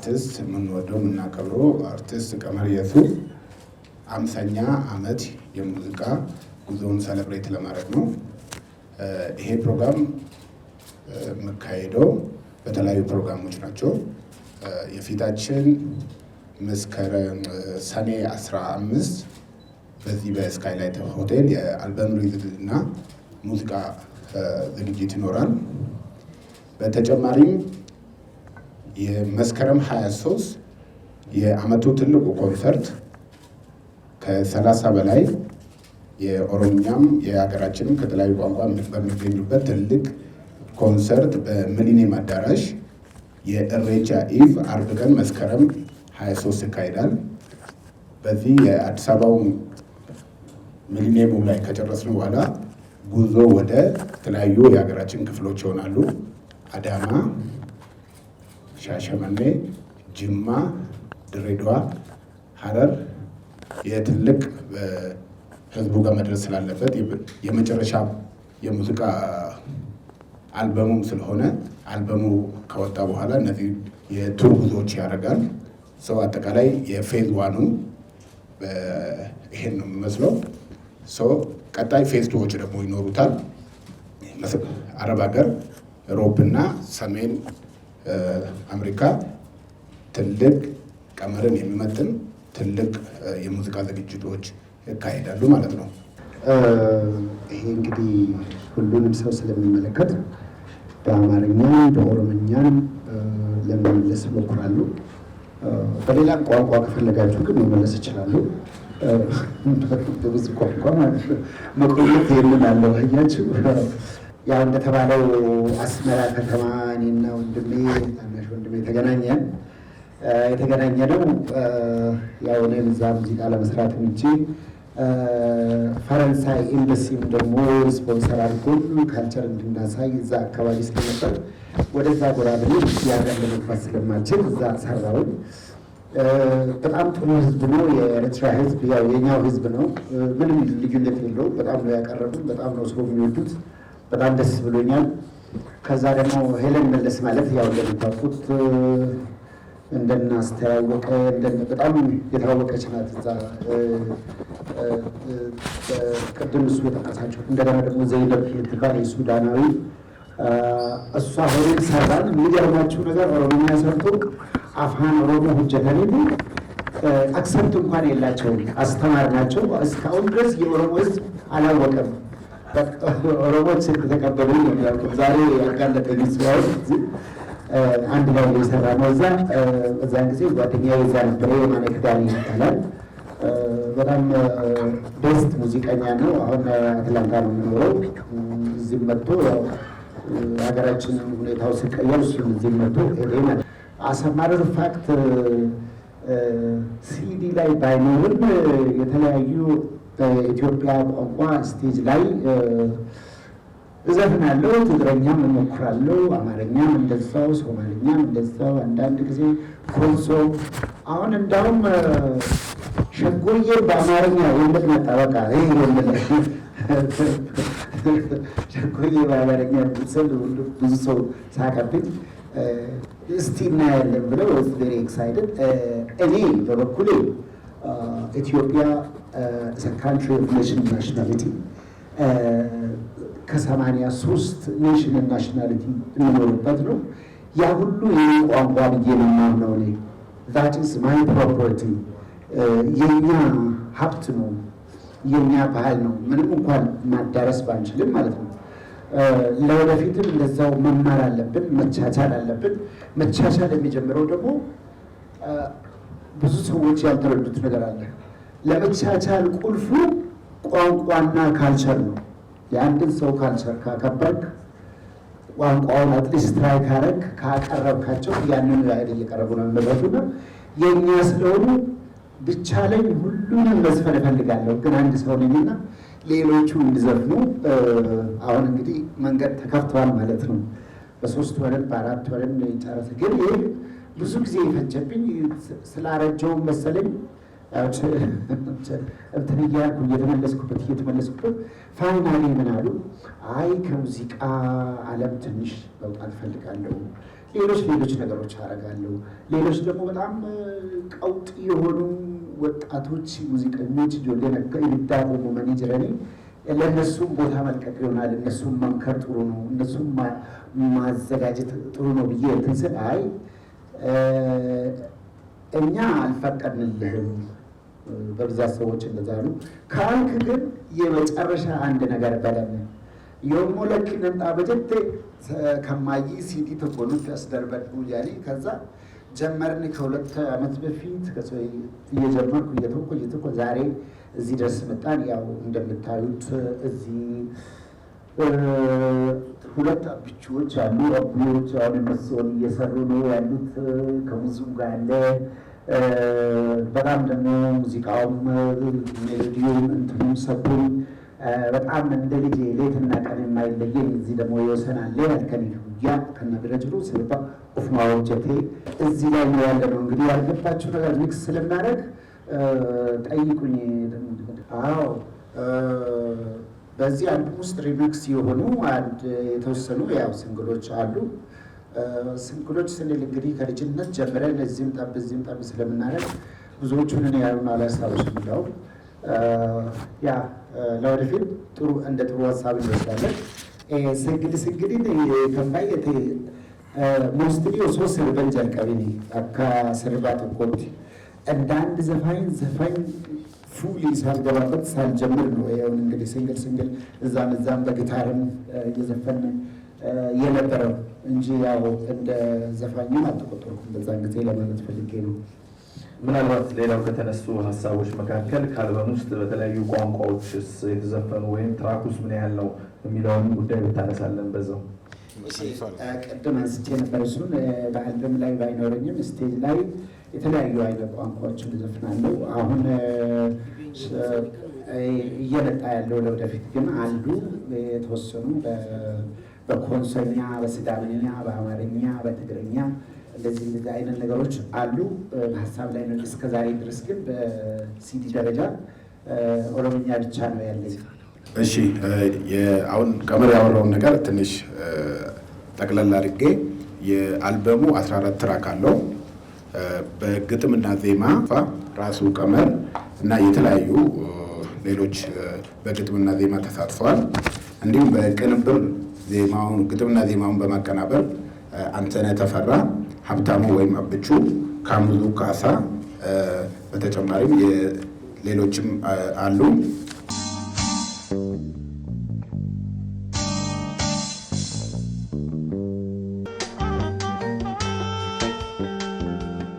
አርቲስት የምንወደው የምናከብረው አርቲስት ቀመርየሱ አምሳኛ ዓመት የሙዚቃ ጉዞውን ሰለብሬት ለማድረግ ነው። ይሄ ፕሮግራም የምካሄደው በተለያዩ ፕሮግራሞች ናቸው። የፊታችን መስከረም ሰኔ 15 በዚህ በስካይላይት ሆቴል የአልበም ሪሊዝ እና ሙዚቃ ዝግጅት ይኖራል። በተጨማሪም የመስከረም 23 የአመቱ ትልቁ ኮንሰርት ከሰላሳ በላይ የኦሮምኛም የሀገራችንም ከተለያዩ ቋንቋ በሚገኙበት ትልቅ ኮንሰርት በሚሊኒየም አዳራሽ የእሬቻ ኢቭ አርብ ቀን መስከረም 23 ይካሄዳል። በዚህ የአዲስ አበባው ሚሊኒየሙ ላይ ከጨረስን በኋላ ጉዞ ወደ ተለያዩ የሀገራችን ክፍሎች ይሆናሉ። አዳማ ሻሸመኔ፣ ጅማ፣ ድሬዳዋ፣ ሀረር የትልቅ ህዝቡ ጋር መድረስ ስላለበት የመጨረሻ የሙዚቃ አልበሙም ስለሆነ አልበሙ ከወጣ በኋላ እነዚህ የቱር ጉዞዎች ያደርጋል። ሰው አጠቃላይ የፌዝ ዋኑ ይሄን ነው የሚመስለው። ሰው ቀጣይ ፌዝ ቱዎች ደግሞ ይኖሩታል። አረብ ሀገር፣ እና ሰሜን አሜሪካ ትልቅ ቀመርን የሚመጥን ትልቅ የሙዚቃ ዝግጅቶች ይካሄዳሉ ማለት ነው። ይሄ እንግዲህ ሁሉንም ሰው ስለሚመለከት በአማርኛም በኦሮምኛም ለመመለስ ሞክራሉ። በሌላ ቋንቋ ከፈለጋችሁ ግን መመለስ ይችላሉ። በብዙ ቋንቋ ማለት ነው መቆየት የምን አለባያችሁ ያው እንደተባለው አስመራ ከተማ እኔና ወንድሜ ታናሽ ወንድሜ የተገናኘን የተገናኘ ነው። ያው እኔም እዛ ሙዚቃ ለመስራት እንጂ ፈረንሳይ ኤምባሲም ደግሞ ስፖንሰር አድርጎን ካልቸር እንድናሳይ እዛ አካባቢ ስለነበር ወደዛ ጎራ ብ ያገር ለመግባት ስለማልችል እዛ ሰራውን። በጣም ጥሩ ህዝብ ነው የኤርትራ ህዝብ፣ ያው የኛው ህዝብ ነው። ምንም ልዩነት የለውም። በጣም ነው ያቀረቡት፣ በጣም ነው ሰው የሚወዱት በጣም ደስ ብሎኛል። ከዛ ደግሞ ሄለን መለስ ማለት ያው እንደምታውቁት እንደናስተያወቀ በጣም የታወቀች ናት። እዛ ቅድም እሱ የጠቀሳቸው እንደገና ደግሞ ዘይነብ የምትባል የሱዳናዊ እሷ ሆሬን ሰራን። የሚገርማችሁ ነገር ኦሮሞኛ ሰርቶ አፍሃን ኦሮሞ ሁጀተኔ አክሰንት እንኳን የላቸውም። አስተማር ናቸው። እስካሁን ድረስ የኦሮሞ ህዝብ አላወቀም። ኦሮሞች ስልክ ተቀበሉ ያልኩት ዛሬ ያጋለጠኝ ስራዎች አንድ ላይ ነው እዛ በዛን ጊዜ ጓደኛዬ እዛ ነበረ፣ የማነ ክዳኔ ይባላል። በጣም ቤስት ሙዚቀኛ ነው። አሁን አትላንታ ነው የምኖረው። እዚህም መጥቶ ሀገራችን ሁኔታው ሲቀየር እሱም እዚህም መጥቶ ማለት አሰማረር ፋክት ሲዲ ላይ ባይኖርም የተለያዩ በኢትዮጵያ ቋንቋ ስቴጅ ላይ እዘፍናለሁ፣ ትግረኛም እሞክራለሁ፣ አማርኛም እንደዛው፣ ሶማልኛም እንደዛው፣ አንዳንድ ጊዜ ኮንሶ። አሁን እንዳውም ሸጎዬ በአማርኛ የምልህ መጣ። በቃ ይህ የምልህ ሸጎዬ በአማርኛ ስል ብዙ ሰው ሳቀብኝ። እስቲ እናያለን ብለው ስ ኤክሳይትድ እኔ በበኩሌ ኢትዮጵያ ካንትሪ ኦፍ ኔሽን ናሽናሊቲ ከሰማንያ ሶስት ኔሽን ናሽናሊቲ የሚኖርበት ነው። ያ ሁሉ ይህ ቋንቋ ብዬ መማር ነው እኔ ዛት ኢዝ ማይ ፕሮፐርቲ የኛ ሀብት ነው፣ የኛ ባህል ነው። ምንም እንኳን ማዳረስ ባንችልም ማለት ነው። uh, ለወደፊትም እንደዛው መማር አለብን፣ መቻቻል አለብን። መቻቻል የሚጀምረው ደግሞ uh, ብዙ ሰዎች ያልተረዱት ነገር አለ። ለመቻቻል ቁልፉ ቋንቋና ካልቸር ነው። የአንድን ሰው ካልቸር ካከበርክ፣ ቋንቋውን አትሊስት ትራይ ካረግ ካቀረብካቸው ያንን ላይ እየቀረቡ ነው ነው የእኛ ስለሆኑ ብቻ ላይ ሁሉንም መዝፈን እፈልጋለሁ ግን አንድ ሰው ነኝና ሌሎቹ እንዲዘፍኑ አሁን እንግዲህ መንገድ ተከፍተዋል ማለት ነው። በሶስት ወርን በአራት ወርን ጨረስ። ግን ይህ ብዙ ጊዜ የፈጀብኝ ስላረጀው መሰለኝ እንትን እያልኩ እየተመለስኩበት እየተመለስኩበት ፋይናሊ ምን አሉ፣ አይ ከሙዚቃ ዓለም ትንሽ መውጣት ፈልጋለሁ፣ ሌሎች ሌሎች ነገሮች አደርጋለሁ። ሌሎች ደግሞ በጣም ቀውጥ የሆኑ ወጣቶች ሙዚቀኞች የሚዳቆሙ መኔጀር ነኝ። ለእነሱም ቦታ መልቀቅ ይሆናል፣ እነሱም መምከር ጥሩ ነው፣ እነሱም ማዘጋጀት ጥሩ ነው ብዬ እንትን ስል አይ እኛ አልፈቀድንልህም በብዛት ሰዎች እንደዛ ነው ካልክ ግን የመጨረሻ አንድ ነገር በለን የሞ ለክ ነጣ በጀቴ ከማይ ሲዲ ተቆኑ ተስደርበዱ ያኔ ከዛ ጀመርን። ከሁለት ዓመት በፊት እየጀመርኩ እየተኩ እየተኩ ዛሬ እዚህ ደርስ መጣን። ያው እንደምታዩት እዚህ ሁለት አብቾች አሉ። አብቾች አሁን እነሱን እየሰሩ ነው ያሉት። ከብዙ ጋር ያለ በጣም ደግሞ ሙዚቃውም ሜሎዲውም እንትኑም ሰቡም በጣም እንደ ልጅ ሌትና ቀን የማይለየኝ እዚህ ደግሞ የወሰናለ ያልከን ያ ከነደረጅሩ ስልባ ኦፍማዎጀቴ እዚህ ላይ ነው ያለ ነው። እንግዲህ ያልገባችሁ ነገር ሚክስ ስለማድረግ ጠይቁኝ። አዎ በዚህ አልበም ውስጥ ሪሚክስ የሆኑ አንድ የተወሰኑ ያው ስንግሎች አሉ። ስንግሎች ስንል እንግዲህ ከልጅነት ጀምረን እዚህም ጠብ እዚህም ጠብ ስለምናደርግ ብዙዎቹን እኔ ያሉን አላስታውስም። እንደው ያ ለወደፊት ጥሩ እንደ ጥሩ ሀሳብ እንወስዳለን። ስንግል ስንግሊን ከፋየት ሞስትሊ ሶስት ስርበን ጀርቀቢ ከስርባት ኮት እንደ አንድ ዘፋኝ ዘፋኝ ፉሊ ሳልገባበት ሳልጀምር ነው። ይኸውን እንግዲህ ስንግል ስንግል እዛም እዛም በጊታርም እየዘፈን የነበረው እንጂ ያው እንደ ዘፋኝ አልተቆጠርኩም በዛን ጊዜ ለማለት ፈልጌ ነው። ምናልባት ሌላው ከተነሱ ሀሳቦች መካከል ከአልበም ውስጥ በተለያዩ ቋንቋዎች የተዘፈኑ ወይም ትራኩስ ምን ያህል ነው የሚለውን ጉዳይ ብታነሳለን በዛው። ቅድም አንስቼ ነበር እሱን በአልበም ላይ ባይኖረኝም ስቴጅ ላይ የተለያዩ አይነት ቋንቋዎችን ዘፍናለሁ። አሁን እየመጣ ያለው ለወደፊት ግን አንዱ የተወሰኑ በኮንሰኛ፣ በስዳምኛ፣ በአማርኛ፣ በትግርኛ እንደዚህ እንደዚህ አይነት ነገሮች አሉ በሀሳብ ላይ ነው። እስከዛሬ ድረስ ግን በሲዲ ደረጃ ኦሮምኛ ብቻ ነው ያለኝ። እሺ አሁን ቀመር ያወራውን ነገር ትንሽ ጠቅለል አድርጌ የአልበሙ 14 ትራክ አለው በግጥምና ዜማ ራሱ ቀመር እና የተለያዩ ሌሎች በግጥምና ዜማ ተሳትፈዋል። እንዲሁም በቅንብር ዜማውን ግጥምና ዜማውን በማቀናበር አንተነህ ተፈራ፣ ሀብታሙ ወይም አብቹ፣ ካሙዙ ካሳ በተጨማሪም ሌሎችም አሉ።